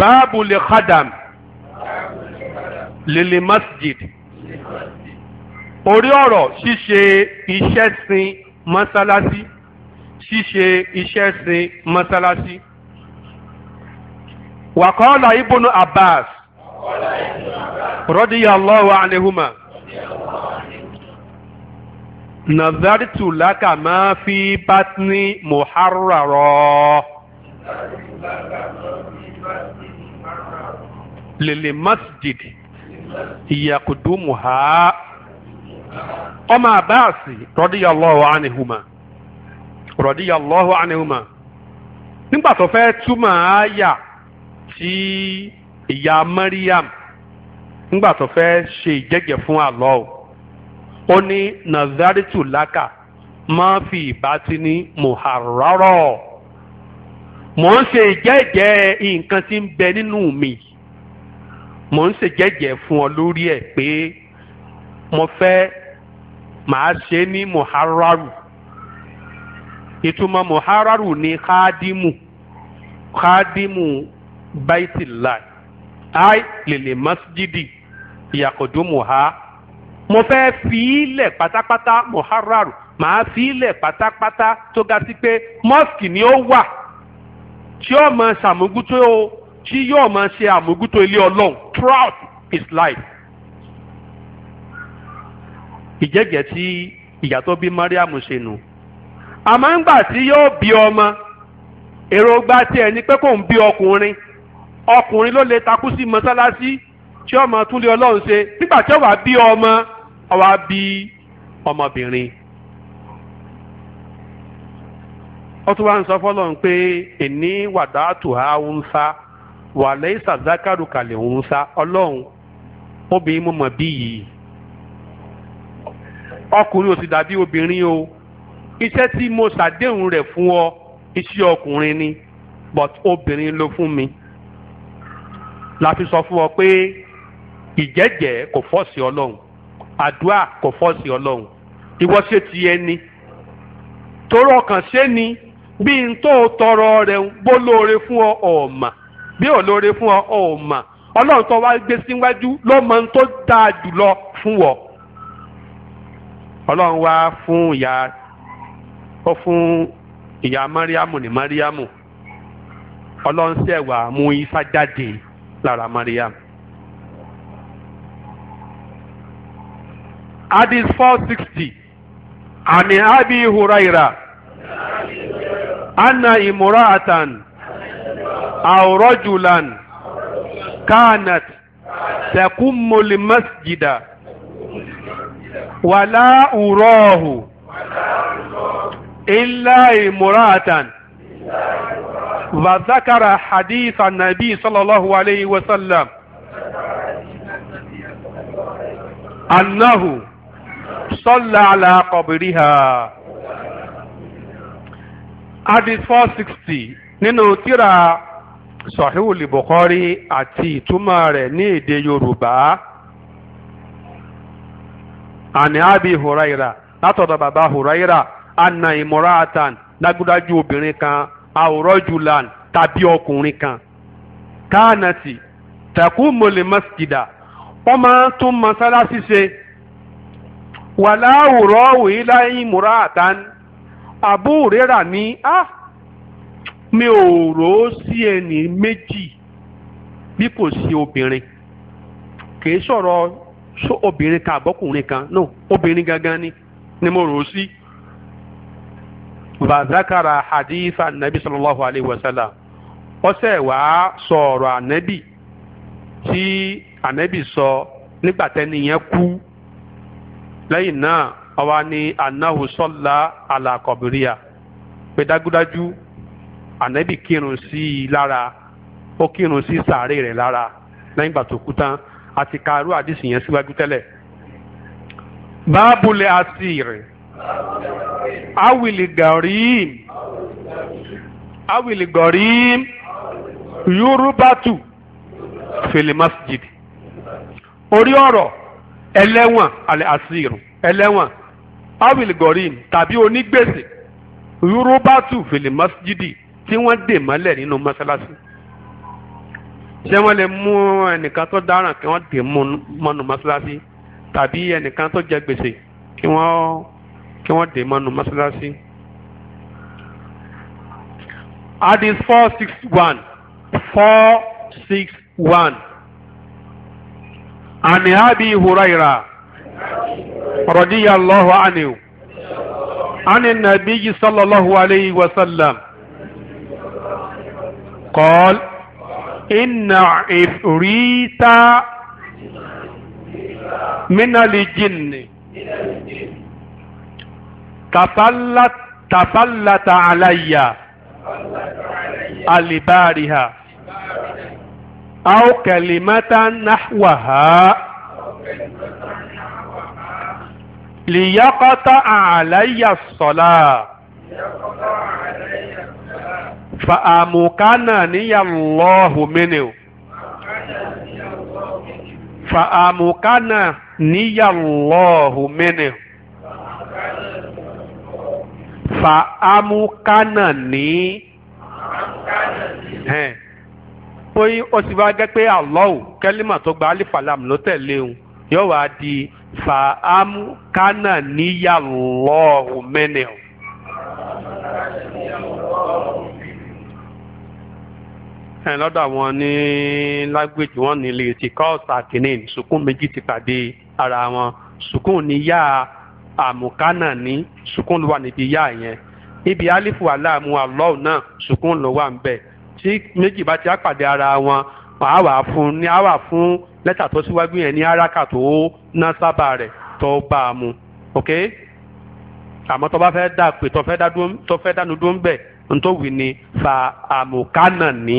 باب لخدم kádàm lèlè masjid orí ọ̀rọ̀ ṣíṣe iṣẹ́ sin mọ́sálásí ṣíṣe iṣẹ́ sin mọ́sálásí. wàkọ́ọ̀lá ibùnú abbas radiyallahu anhuma nazaritu laka ma fi batni muharrara. nazaritu lele masjid ìyàkùdùmùhà ọmọ àbáàsì rọdíyàlọ́hù ànihùmà rọdíyàlọ́hù ànihùmà nígbà tó fẹ́ túmọ̀ àyà tí ìyá Mariam ya mariam fẹ́ ṣe ìjẹ́jẹ́ fún àlọ́ ọ n'i ní nazaritu laka máa fi ìbátí ní muharraro mò ń ṣe ìjẹ́jẹ́ nǹkan tí ń bẹ nínú mi. mò ń ṣèjẹ́jẹ́ fún ọ lórí ẹ̀ pé mo fẹ́ màá ṣe ní muhararu ìtumọ̀ muhararu ni khadimu khadimu baitillah ai lèlè masjidi ìyàkọ̀dúnmùhá mo fẹ́ fi ilẹ̀ pátápátá muhararu màá fi ilẹ̀ pátápátá tó ga sí pé mosque ni ó wà tí ó mọ sàmógútó o tí yóò máa ṣe àmójútó ilé ọlọ́run throughout his life. ìjẹ́jẹ́ tí ìyá tó bí Mariam ṣe nù. àmọ́ ńgbà tí yóò bí ọmọ èròǹgbà tiẹ̀ ni pé kò ń bí ọkùnrin ọkùnrin ló lè takú sí mọ́sálásí tí ọmọ tún lé ọlọ́run ṣe nígbà tí ó bí ọmọ ó bí ọmọbìnrin. ó wá ń sọ fọlọ́run pé èní wàdà tùhá ń sá wàlẹ́ ìsàzákàrù kàlẹ̀ òun sa ọlọ́run obìnrin mo mọ̀ bí yìí ọkùnrin ò sì dàbí obìnrin o iṣẹ́ tí mo ṣàdéhùn rẹ̀ fún ọ iṣẹ́ ọkùnrin ni but obìnrin ló fún mi la fi sọ fún ọ pé ìjẹ́jẹ́ kò fọ́ọ̀sì ọlọ́run àdúrà kò fọ́ọ̀sì ọlọ́run ìwọ ṣe ti ẹni torọ kàn ṣe ni bí n tó tọrọ rẹ̀ ń bó fún ọ ọ̀ọ́mà. bí olóore fún ọ ò mà ọlọ́run tó wá gbé síwájú ló mọ ohun tó dáa jùlọ fún wọ ọlọ́run wá fún ìyá ó fún ìyá mariamu ní mariamu ọlọ́run ṣẹ̀wá mú ifá jáde lára mariamu. addis 460 عن أبي هريرة أن امرأة أو رجلا كانت تقوم المسجد ولا أراه إلا امرأة وذكر حديث النبي صلى الله عليه وسلم أنه صلى على قبرها حديث 460 نينو tírà sọ̀híwù lìbùkọ́rí àti ìtumọ̀ rẹ̀ ní èdè yorùbá àní àbí hùráìrà látọ̀dọ̀ bàbá hùráìrà àna ìmúratan dágúdájú obìnrin kan àwòrọ́jùlan tàbí ọkùnrin kan káànàtì tẹ̀kú mọ̀lẹ́ mọ́sídà wọ́n máa tún mọ́sálásí ṣe wàláwùrọ̀ wìí láyìn ìmúratan àbúrẹ́rà ní Ah, mi ò rò ó sí ẹni méjì bí kò sí obìnrin kìí sọ̀rọ̀ sọ obìnrin kan àbọ́kùnrin kan no obìnrin gangan ni ni mo rò ó sí. bàzákàrà hadith anabi sallallahu alayhi wa sallam ọsẹ wàá sọ ọ̀rọ̀ anabi tí anabi sọ nígbà tẹ́ni yẹn kú lẹ́yìn náà àwa ni anahu sọlá alakọbìríà pé dájúdájú ànábì kírun sí i lára ó kírun sí sàárè rẹ̀ lára lẹ́yìn ìgbà tó kú tán àti kàrú àdìsí yẹn síwájú tẹ́lẹ̀. báàbùlẹ̀ àti rẹ̀ awìlì gàrím awìlì gàrím yorùbátù fèlè masjid orí ọ̀rọ̀ ẹlẹ́wọ̀n alẹ́ àṣírù ẹlẹ́wọ̀n awìlì gàrím tàbí onígbèsè yorùbátù fèlè masjidi tí wọ́n dè mọ́lẹ̀ nínú mọ́sálásí ṣé wọ́n lè mú ẹnìkan tó dáràn kí wọ́n dè mọ́nu mọ́sálásí tàbí ẹnìkan tó jẹ gbèsè kí wọ́n kí wọ́n dè mọ́nu mọ́sálásí. Hadith four six one four six one عن أبي هريرة رضي الله عنه عن النبي صلى الله عليه وسلم قال إن عفريت من الجن تفلت تفلت علي البارها أو كلمة نحوها ليقطع علي الصلاة fa àmùkánà níyàlọ́hùn mẹ́nìú fa àmùkánà níyàlọ́hùn mẹ́nìú fa àmùkánà ní. bóyá ó sì wá gẹ́ pé àlọ́hùn kẹ́límà tó gba alifalam ló tẹ̀lé òun yóò wá di fa àmùkánà níyàlọ́hùn mẹ́nìú. ẹ̀ lọ́dọ̀ àwọn ní lágbèjì wọn ní ilé ti kọ́ọ̀sà kìíní sukùn méjì ti pàdé ara wọn sukùn ní yá àmùkánà ní sukùn ló wà níbi yá yẹn ibi alifu aláàmú alọ́ọ̀ náà sukùn ló wà ń bẹ̀ tí méjì bá ti á pàdé ara wọn màá wà fún ní á wà fún lẹ́tà tó síwájú yẹn ní áràkà tó ná sábà rẹ̀ tó bá a mu ok àmọ́ tó bá fẹ́ dà pé tó fẹ́ dánú dó ń bẹ̀ ń tó fa àmùkánà ní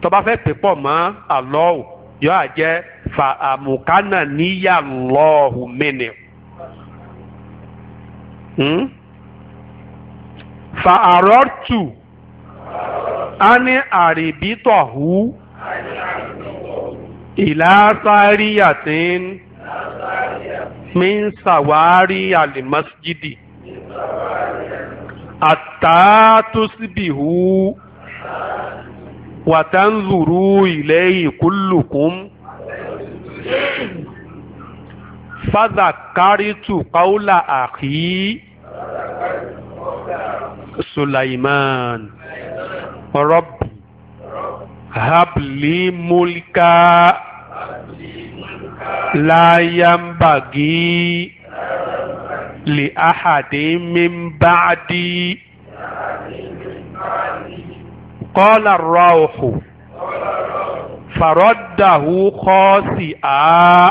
tó bá fẹ́ pè pọ̀ mọ́ àlọ́ọ̀ yọ àjẹ́ fa àmùkánà níyà lọ́ọ̀hù mẹ́nẹ̀. Hmm? fa àrọ́tù á ní àrìbítọ̀hù ìlàsáríyàtín min sàwárí àtàtúsíbìhù. وتنظروا إليه كلكم فذكرت قول أخي سليمان رب هب لي ملكا لا ينبغي لأحد من بعدي قال الروح فرده kọ́ọ̀sì á.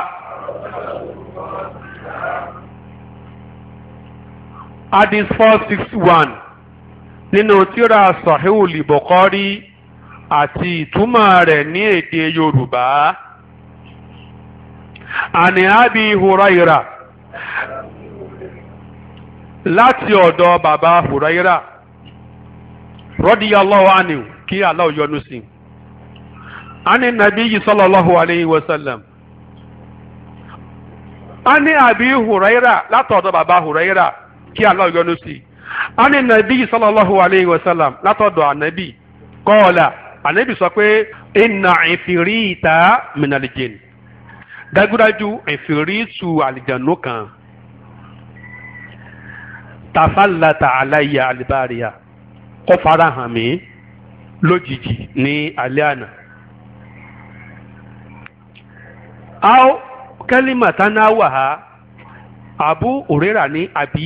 Hadith four six one nínú tíra Sahihul Bukhari àti ìtumọ̀ rẹ̀ ní èdè Yorùbá. Àní Abi Huraira láti ọ̀dọ̀ bàbá Huraira radiyallahu anhu. kí Allah yọ́nú sí. ani nabiyyi sallallahu alayhi wa a ani abi hurayra látọ̀dọ̀ baba hurayra kí Allah yọ́nú sí. ani nabiyyi sallallahu alayhi wa sallam látọ̀dọ̀ anabi kọ́ọ̀là anabi sọ pé inna ifirita minal jinn dagudaju su alijanu kan tafalata alaya alibariya kó farahàn lójijì ní alẹ́ àná. aw kẹ́límà tánáwà ha àbú òrèrà ní àbí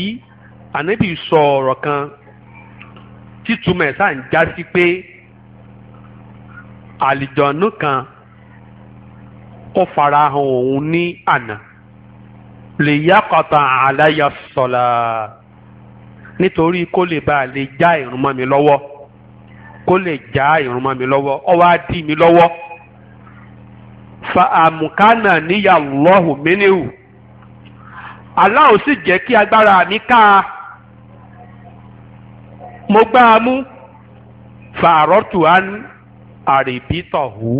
ànábì sọ ọ̀rọ̀ kan títúmọ̀ ẹ̀ sáà ń já sí pé àlìjọ̀nù kan ó fara hàn òun ní àná lè yàkọ̀tà àlàyé sọ̀la nítorí kó lè bá a lè já ìrùn mi lọ́wọ́ kó lè já irun mọ́ mi lọ́wọ́ ó wá dì mí lọ́wọ́ fa àmùkánà níyà lọ́hùn mínú aláwo sì jẹ́ kí agbára mi ká a mo gbá a mú fa àrọ́tù á àrèbítọ̀hù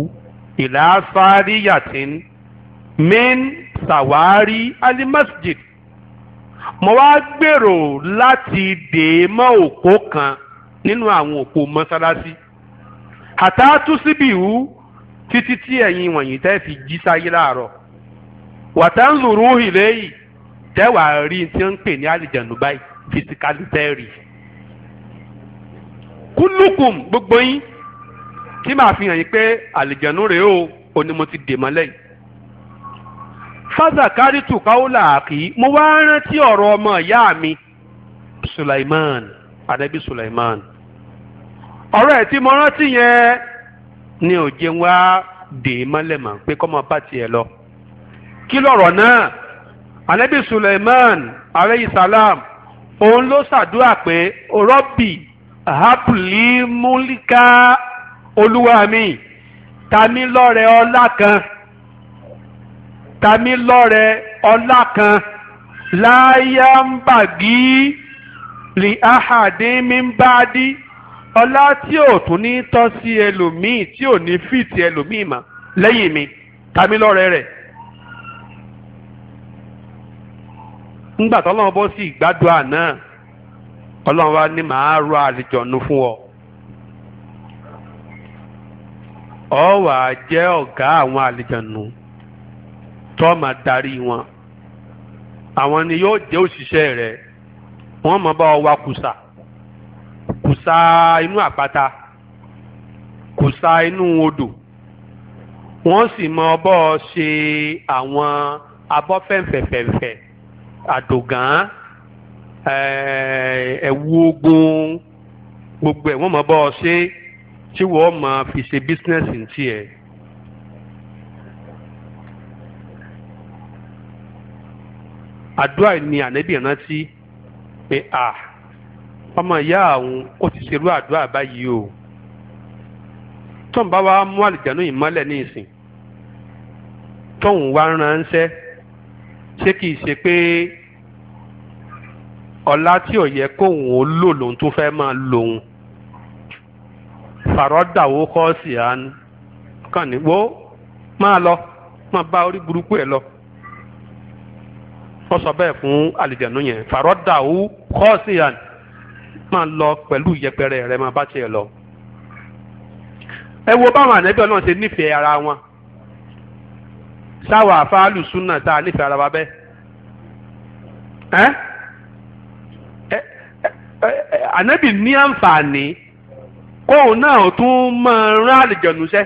ìlà sáríyàtìn sàwárí alimasjid mo wá gbèrò láti dè é mọ́ òkó kan nínú àwọn òpó mọ́sálásí àtàtú síbì hù títí tí ẹ̀yin wọ̀nyí tẹ́ fi jí sáyé láàárọ̀ wàtá ń lùrù ìléyìí tẹ́wàá rí tí ń pè ní àlìjẹ̀nù báyìí fisikali tẹ́rì kúlùkùm gbogbo yín tí màá fi hàn yín pé àlìjẹ̀nù rèé o òní mo ti dè mọ́lẹ̀ yìí fásakárì mo wá rántí ọ̀rọ̀ ọmọ ìyá mi Sulaiman adabi Sulaiman ọ̀rọ̀ ẹ̀ tí mo rántí yẹn ni ò jẹun wá dè é mọ́lẹ̀ mọ́ pé kọ́mọ bá tiẹ̀ lọ kí lọ̀rọ̀ náà anabi suleiman aleyhi salam òun ló ṣàdúrà pé rọ́bì hapuli múlíkà olúwa mi tami lọ́rẹ ọlá kan tami lọ́rẹ ọlá kan láyà ń bàgí li ahadin min ba'di ọlá tí ò tún ní tọ́ sí ẹlòmíì tí ò ní fìtì ẹlòmíì mà lẹ́yìn mi tàbí lọ́rẹ́ rẹ̀. ńgbà tọ́lọ́run bọ́ sí ìgbádùn àná ọlọ́run wa ní màá rọ àlìjọ̀nù fún ọ. ọ wà á jẹ́ ọ̀gá àwọn àlìjọ̀nù tó máa darí wọn àwọn ni yóò jẹ́ òṣìṣẹ́ rẹ̀ wọ́n máa bá ọ wá kùsà. sa inú àpáta kò sa inú odò wọ́n sì mọ ọbọ̀ ṣe àwọn abọ́fẹ̀fẹ̀fẹ̀fẹ̀ àdògán eh, ẹ̀wù ogun gbogbo ẹ̀ wọ́n mọ ọbọ̀ ṣe tí wọ́n mọ fi ṣe bísínẹ́sì ń tiẹ̀. àdúrà ni ànábì rántí pé a. Ah, ọmọ ìyá àwọn ó ti ṣerú àdúrà báyìí o tóun bá wá mú àlìjánu ìmọ́lẹ̀ ní ìsìn tóun wá ránṣẹ́ ṣé kìí ṣe pé ọ̀la tí ò yẹ kóun ó lò lòun tó fẹ́ máa lòun fàrọ́dà wo kọ́ sí àánú kàn ní wo máa lọ máa bá orí burúkú ẹ lọ wọ́n sọ bẹ́ẹ̀ fún àlìjánu yẹn fàrọ́dà wo àánú máa lọ pẹ̀lú ìyẹpẹrẹ rẹ máa bá tiẹ̀ lọ. ẹ wo báwọn ànẹ́bí ọlọ́run ṣe nífẹ̀ẹ́ ara wọn sáwà fáálù súnà tá a nífẹ̀ẹ́ ara wa bẹ́ẹ̀. ànẹ́bí ní àǹfààní kóun náà tún máa rán àlejòónú sẹ́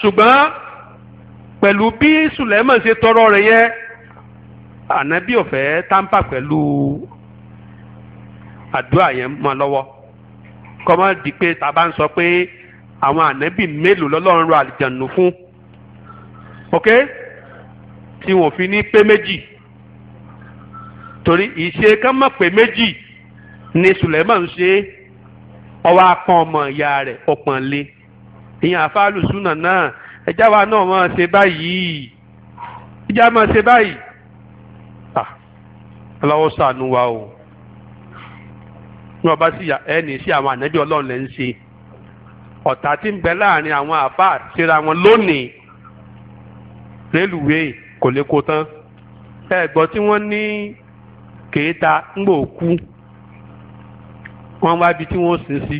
ṣùgbọ́n pẹ̀lú bí sùlẹ́mọ̀ ṣe tọrọ rẹ̀ yẹ ànábì ọ̀fẹ́ táǹpà pẹ̀lú àdúrà yẹn mọ́ lọ́wọ́ kọ́mọ́ di pé ta bá ń sọ pé àwọn ànábì mélòó lọ́lọ́run rọ àlìjànù fún ok tí wọ́n fi ní pé méjì torí ìṣe kán mọ̀ pé méjì ni Sùlẹ́mọ̀ ń ṣe ọwọ́ apọ̀n ọmọ ìyá rẹ̀ ọ̀pọ̀n lé ìyẹn àfáàlù súnà náà ẹjá wa náà máa ṣe báyìí ìjà máa ṣe báyìí ah, ọlọ́wọ́ ṣàánú wa o ní ọba sí ẹni sí àwọn ànábì ọlọ́run lẹ́ ń ṣe ọ̀tá tí ń bẹ láàrin àwọn àbá síra wọn lónìí rélùwéè kò lè kó tán ẹ̀gbọ́n tí wọ́n ní kéèta ńgbò kú wọ́n wá ibi tí wọ́n sìn sí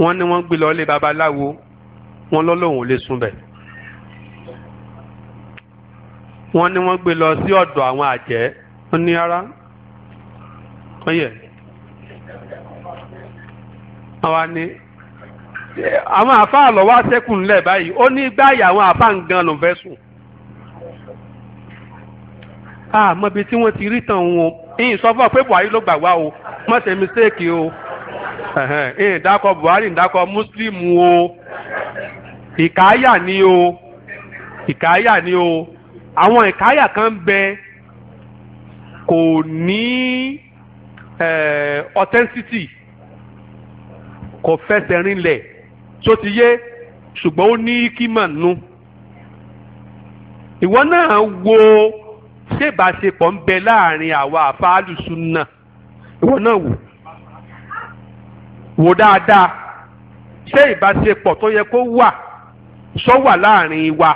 wọ́n ní wọ́n gbé lọ ilé babaláwo wọ́n lọ́lọ́hùn ò lè sùn bẹ̀ wọ́n ní wọ́n gbé lọ sí ọ̀dọ̀ àwọn àjẹ́ wọ́n ní ara ó yẹ àwa ni àwọn àáfàá lọ wá sẹ́kù ńlẹ̀ báyìí ó ní gbáyà àwọn àáfàá ń gan ló fẹ́ sùn àmọ́bi tí wọ́n ti rí tàn wọn ìyìn sọ fún ọ pé Buhari ló gbà o má mistake o ìyìn dákọ̀ Buhari ìdákọ̀ Muslim o ìkáyà ni o ìkáyà ni o àwọn ìkáyà kan bẹ kò ní. Eh, authenticity kò fẹsẹ̀ rinlẹ̀ tó ti yé ṣùgbọ́n ó ní kímọ̀ nù ìwọ náà wo ṣèbáṣepọ̀ ń bẹ láàrin àwa àfáàlùsùn náà ìwọ náà wò wò dáadáa ṣé ìbáṣepọ̀ tó yẹ kó wà sọ wà láàrin wa.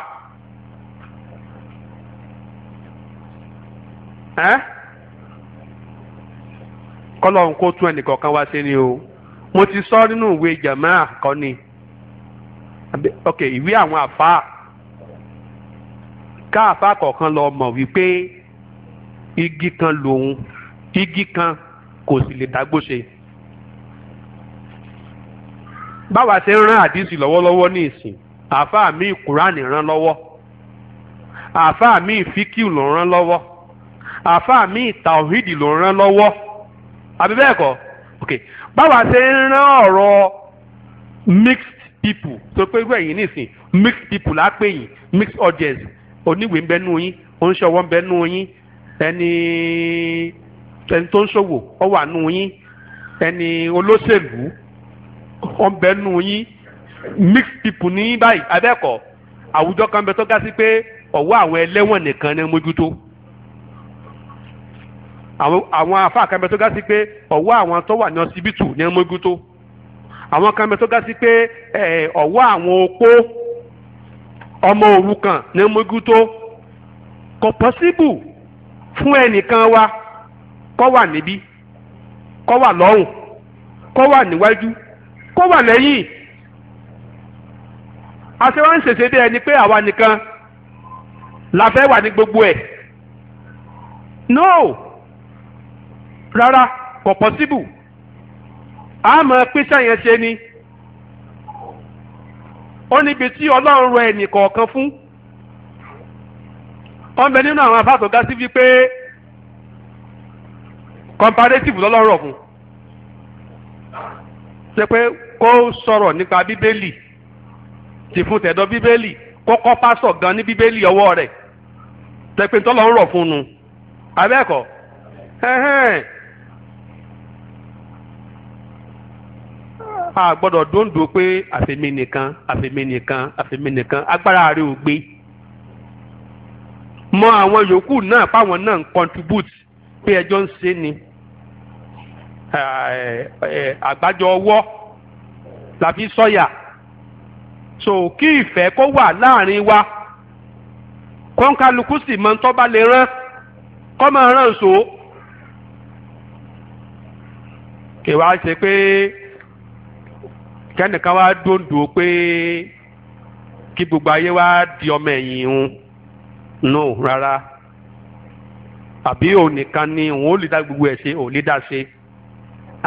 kọ́lọ́hún kó tún ẹnìkọ̀ọ̀kan wá sí ni o mo ti sọ nínú ìwé jamaa kan ni ok ìwé àwọn àfáà ká àfáà kọ̀ọ̀kan lọ mọ̀ wípé igi kan lòun igi kan kò sì lè dágbó ṣe báwa ṣe ń rán àdìsí lọ́wọ́lọ́wọ́ ní ìsìn àáfàá mi kùránì rán lọ́wọ́ àáfàá mi fíkìú ló rán lọ́wọ́ àáfàá mi tàwídì ló rán lọ́wọ́ àbí bẹ́ẹ̀ kọ́ ok báwa ṣe ń rán ọ̀rọ̀ mixed people tó pé irú ẹ̀yìn nìsín mixed people la pè yín mixed audience oníwèé ń bẹ nú yín oníṣòwò ń bẹ nú yín ẹni ẹni tó ń ṣòwò ó wà nú yín ẹni olóṣèlú ó ń bẹ yín mixed people ní báyìí abẹ́ẹ̀kọ́ àwùjọ kan bẹ tó ga sí pé ọ̀wọ́ àwọn ẹlẹ́wọ̀n nìkan ni mójútó àwọn àfáà kan bẹ tó ga sí pé ọwọ́ àwọn tó wà ní ọsibítù ní ọmọgún tó àwọn kan bẹ tó ga sí pé ọwọ́ àwọn opó ọmọ òrukàn ní ọmọgún tó kò pọ́síbù fún ẹnìkan wa kó wà níbí kó wà lọ́hùn kó wà níwájú kó wà lẹ́yìn aṣẹ́wọ́n bí ẹni pé àwa nìkan la ní gbogbo ẹ̀ no rárá kò pọ́síbù a mọ̀ pé ṣe ni ó níbi tí ọlọ́run rọ ẹnì kọ̀ọ̀kan fún wọ́n bẹ nínú àwọn afáàtò ga sí wípé comparative fún ṣe pé kó sọ̀rọ̀ nípa bíbélì tìfún tẹ̀dọ̀ bíbélì kó kọ́ pásọ̀ gan ní bíbélì ọwọ́ rẹ̀ tẹ̀pẹ́ tọ́lọ́run rọ̀ fún un abẹ́ẹ̀kọ́ a gbọ́dọ̀ dóńdó pé àfẹ̀mí nìkan àfẹ̀mí nìkan àfẹ̀mí nìkan agbára rẹ ò gbé mọ àwọn yòókù náà páwọn náà ń contribute pé ẹjọ́ ń ṣe ni àgbájọ ọwọ́ la fi sọ́yà so kí ìfẹ́ kó wà láàrin wa kọ́ńkálukú sì mọ tó bá lè rán kọ́ máa rán so kì wá ṣe pé kẹ́nìkan wá dòǹdò pé kí gbogbo ayé wá di ọmọ ẹ̀yìn òun no rárá àbí òun nìkan ni òun ò lè dá gbogbo ẹ̀ ṣe ò lè dá ṣe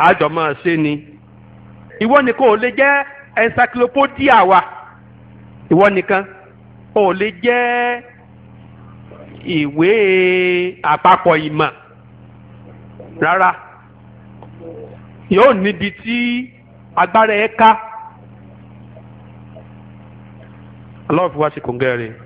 àjọ ṣe ni ìwọ nìkan ò lè jẹ́ encyclopedia wa ìwọ nìkan ò lè jẹ́ ìwé àpapọ̀ ìmọ̀ rárá yóò níbi tí agbára ẹ̀ ká. aláwọ̀ fi wá sí kòńgẹ́